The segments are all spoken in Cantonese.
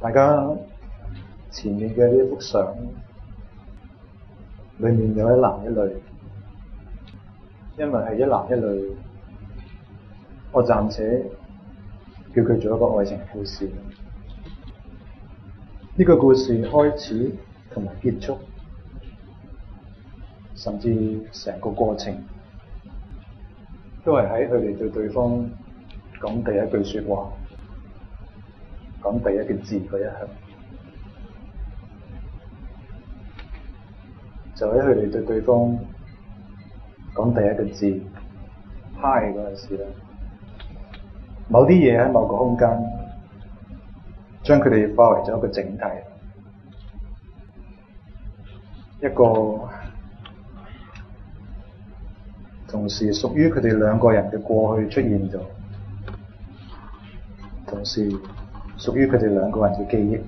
大家前面嘅呢幅相裏面有一男一女，因為係一男一女，我暫且叫佢做一個愛情故事。呢個故事開始同埋結束，甚至成個過程，都係喺佢哋對對方講第一句説話。講第一個字嗰一刻，就喺佢哋對對方講第一個字嗨嗰陣時啦，某啲嘢喺某個空間，將佢哋化為咗一個整體，一個同時屬於佢哋兩個人嘅過去出現咗，同時。屬於佢哋兩個人嘅記憶，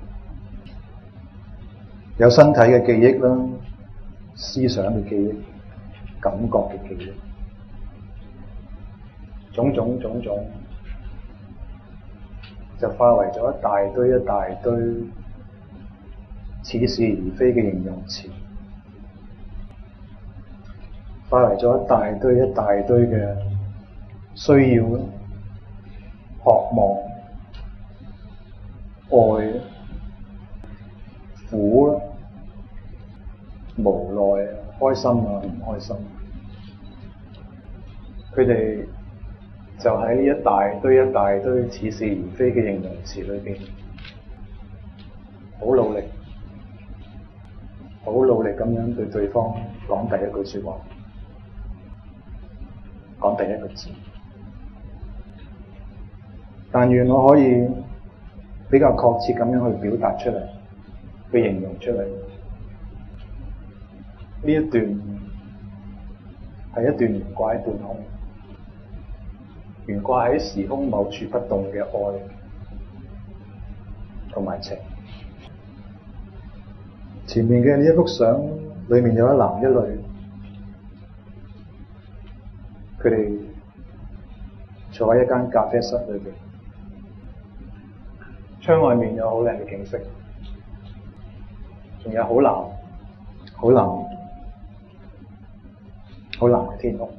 有身體嘅記憶啦，思想嘅記憶，感覺嘅記憶，種種種種，就化為咗一大堆一大堆似是而非嘅形容詞，化為咗一大堆一大堆嘅需要、渴望。愛苦啦、無奈啊、開心啊、唔開心、啊，佢哋就喺一大堆一大堆似是而非嘅形容詞裏邊，好努力、好努力咁樣對對方講第一句說話，講第一個字。但願我可以。比較確切咁樣去表達出嚟，去形容出嚟。呢一段係一段唔掛喺半空，懸掛喺時空某處不動嘅愛同埋情。前面嘅呢一幅相，裡面有一男一女，佢哋坐喺一間咖啡室裏邊。窗外面有好靚嘅景色，仲有好藍，好藍，好藍嘅天空。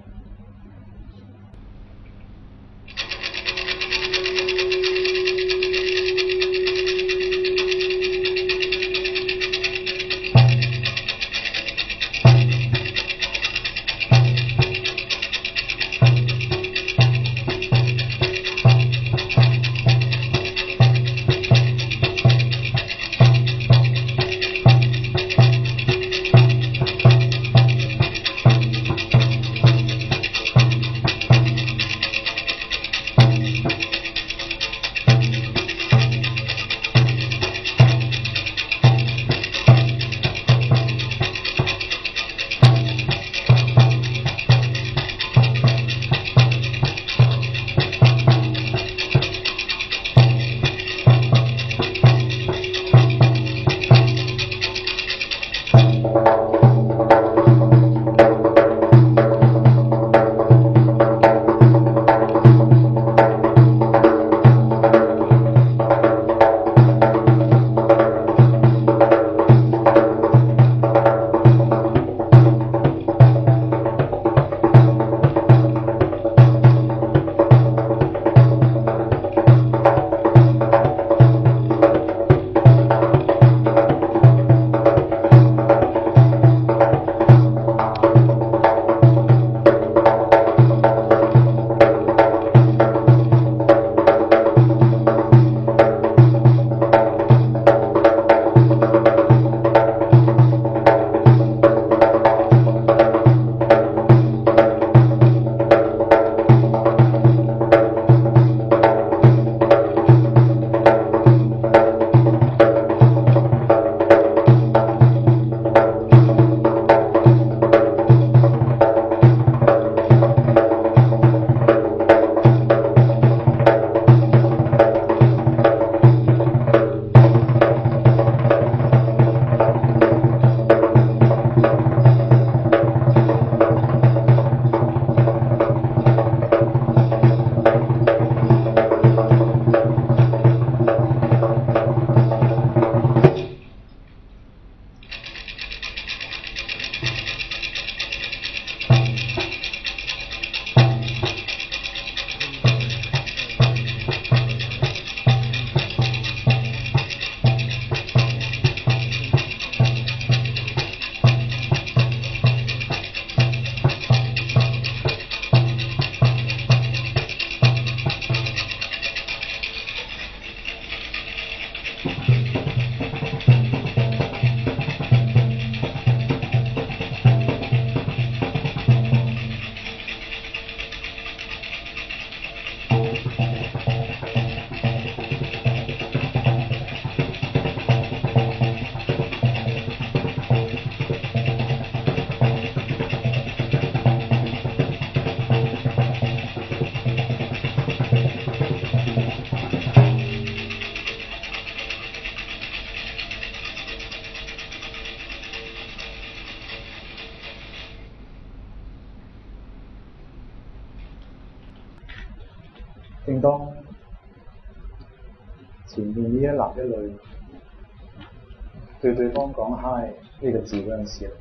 對對方講「嗨」呢個字嗰陣時，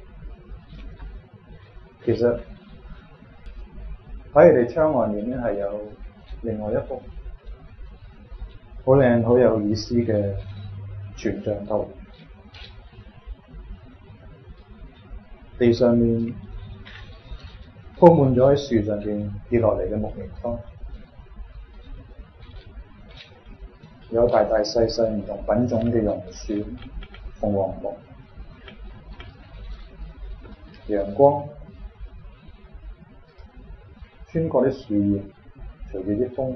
其實喺我哋窗外面係有另外一幅好靚、好有意思嘅全景圖，地上面鋪滿咗喺樹上邊跌落嚟嘅木棉花。有大大細細唔同品種嘅榕樹、鳳凰木，陽光穿過啲樹葉，隨住啲風，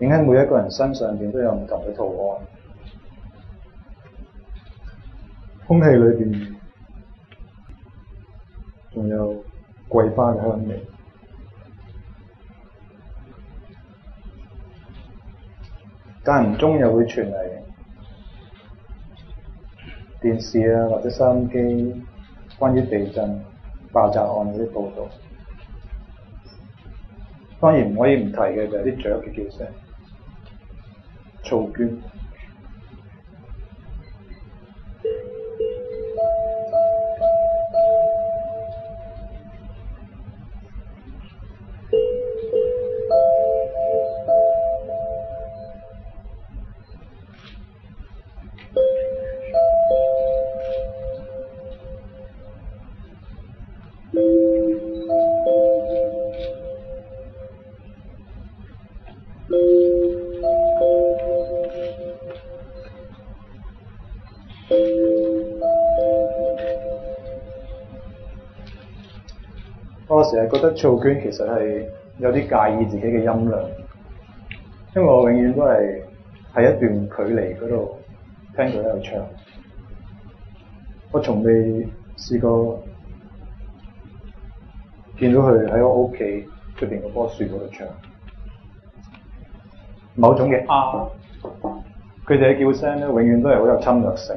影喺每一個人身上邊都有唔同嘅圖案。空氣裏邊仲有桂花嘅香味。間唔中又會傳嚟電視啊，或者收音機關於地震、爆炸案嗰啲報導，當然唔可以唔提嘅就係啲雀嘅叫聲，噪鵑。我成日覺得噪鵑其實係有啲介意自己嘅音量，因為我永遠都係喺一段距離嗰度聽佢喺度唱，我從未試過見到佢喺我屋企出邊嗰棵樹嗰度唱。某種嘅 R，佢哋嘅叫聲咧，永遠都係好有侵略性。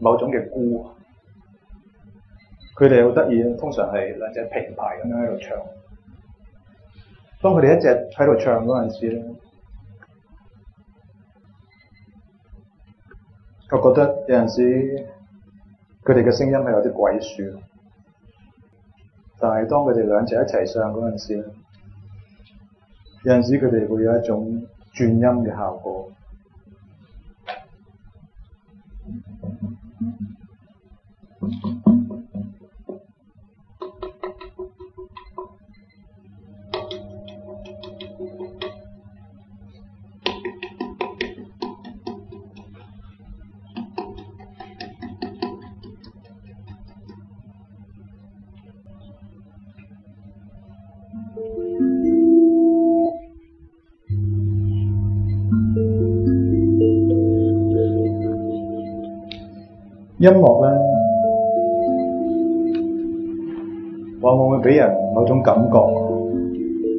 某種嘅菇，佢哋好得意，通常係兩隻平排咁樣喺度唱。當佢哋一隻喺度唱嗰陣時咧，我覺得有陣時佢哋嘅聲音係有啲鬼鼠。但係當佢哋兩隻一齊唱嗰陣時，有陣時佢哋會有一種轉音嘅效果。音樂咧，往往會畀人某種感覺、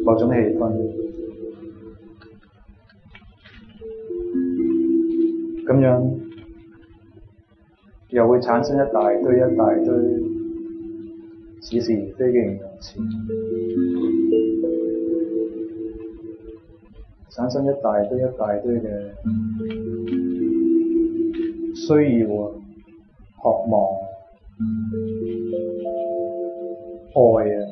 某種氣氛，咁樣又會產生一大堆、一大堆似是而非嘅用詞，產生一大堆、一大堆嘅需要渴望、愛啊、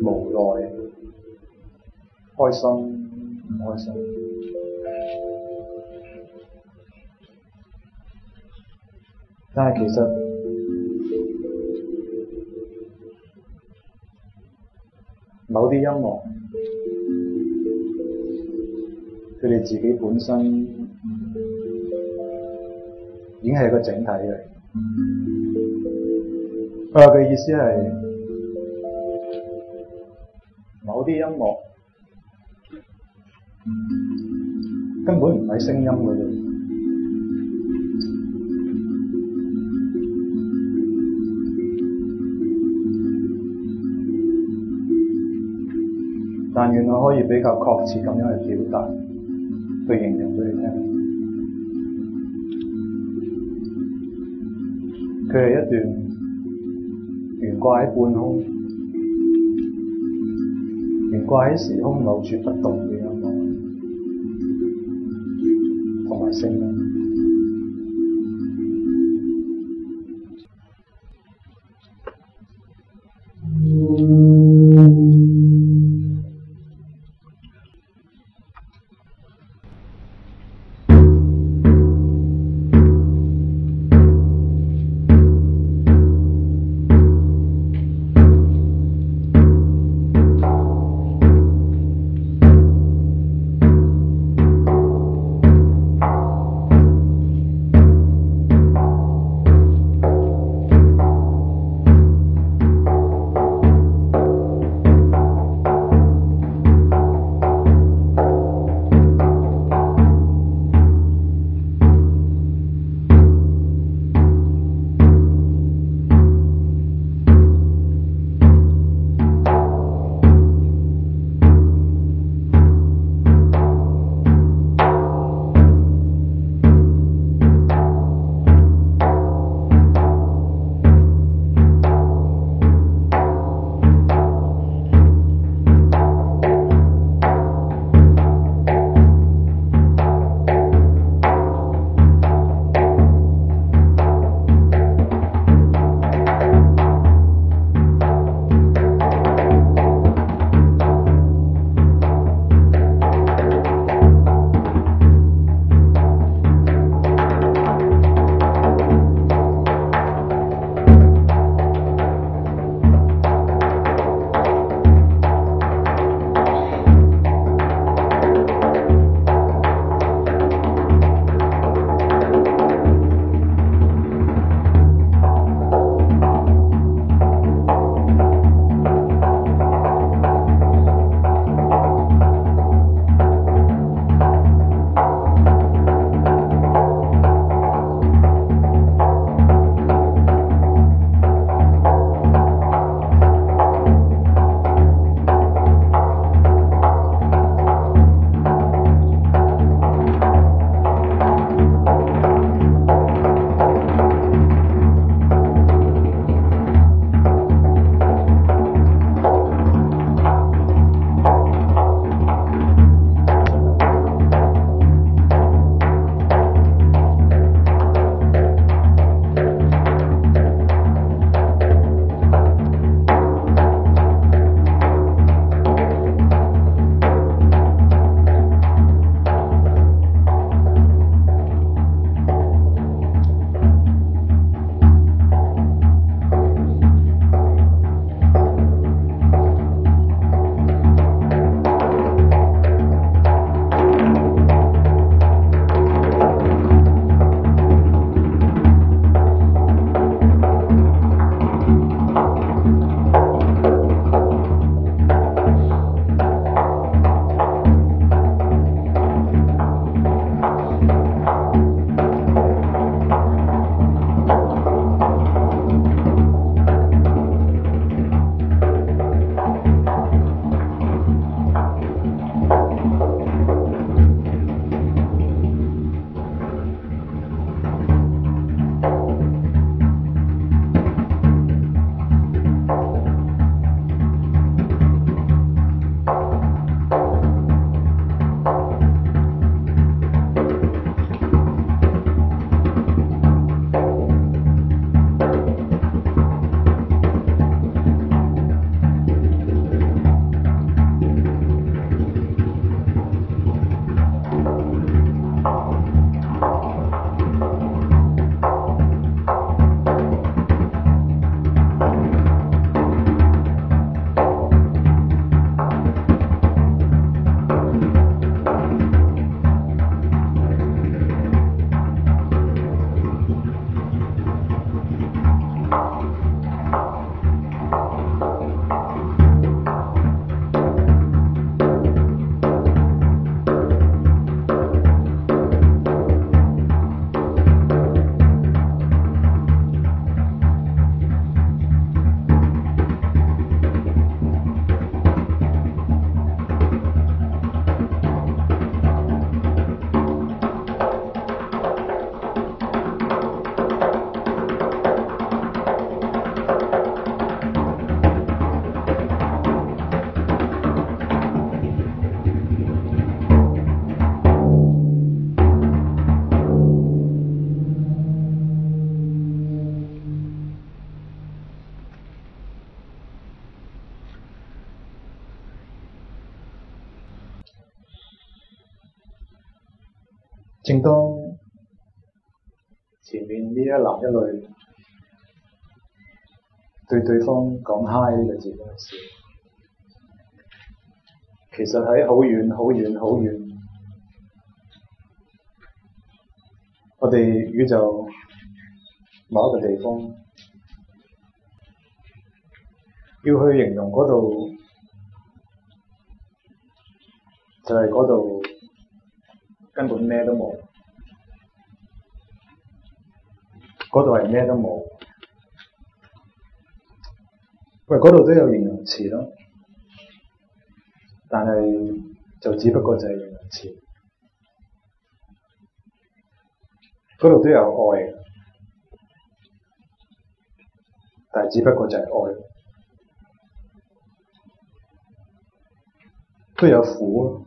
無奈、開心、唔開心，但係其實某啲音樂，佢哋自己本身，已經係一個整體嚟。佢嘅意思係，某啲音樂根本唔喺聲音裏邊，但原來可以比較確切咁樣去表達，去形容佢。佢係一段懸掛，喺半空，懸掛喺時空某處不動。正當前面呢一男一女對對方講「嗨」嘅時候，其實喺好遠、好遠、好遠，我哋宇宙某一個地方要去形容嗰度，就係嗰度。根本咩都冇，嗰度係咩都冇。喂，嗰度都有形容詞咯，但係就只不過就係形容詞。嗰度都有愛，但係只不過就係愛，都有苦。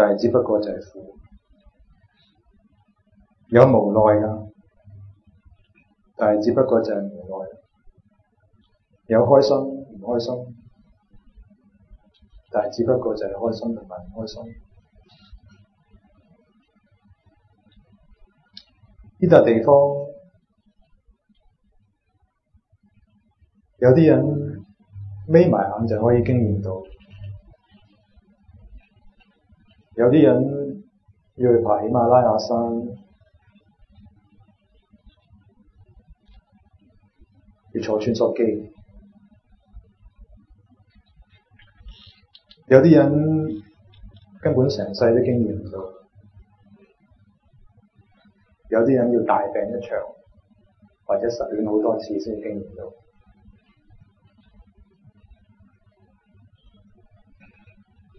但係，只不過就係苦，有無奈啊！但係，只不過就係無奈。有開心，唔開心。但係，只不過就係開心同埋唔開心。呢笪地方有啲人眯埋眼就可以經驗到。有啲人要去爬喜馬拉雅山，要坐穿梭機；有啲人根本成世都經驗唔到；有啲人要大病一場，或者失戀好多次先經驗到。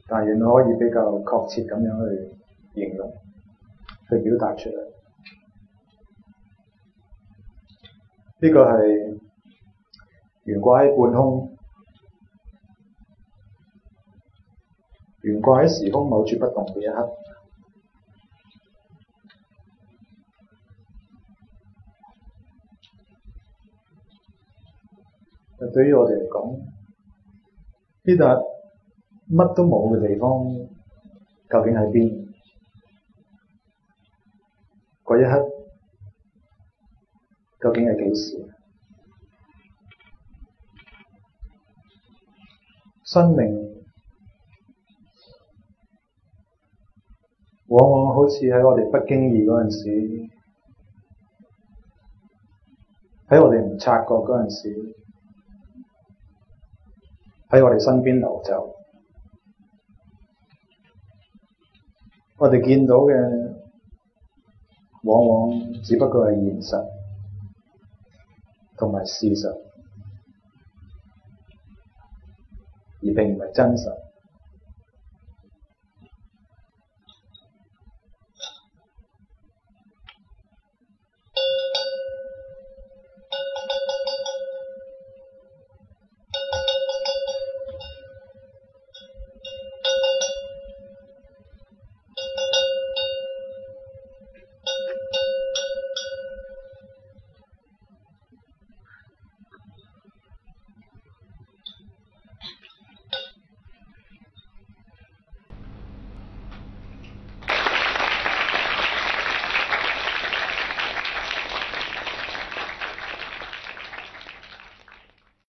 但係原來可以比較確切咁樣去形容，去表達出嚟。呢、這個係懸掛喺半空，懸掛喺時空某處不動嘅一刻。對於我哋嚟講，呢、這個。乜都冇嘅地方，究竟喺邊？嗰一刻究竟係幾時？生命往往好似喺我哋不經意嗰陣時，喺我哋唔察覺嗰陣時，喺我哋身邊流走。我哋見到嘅，往往只不過係現實同埋事實，而並唔係真實。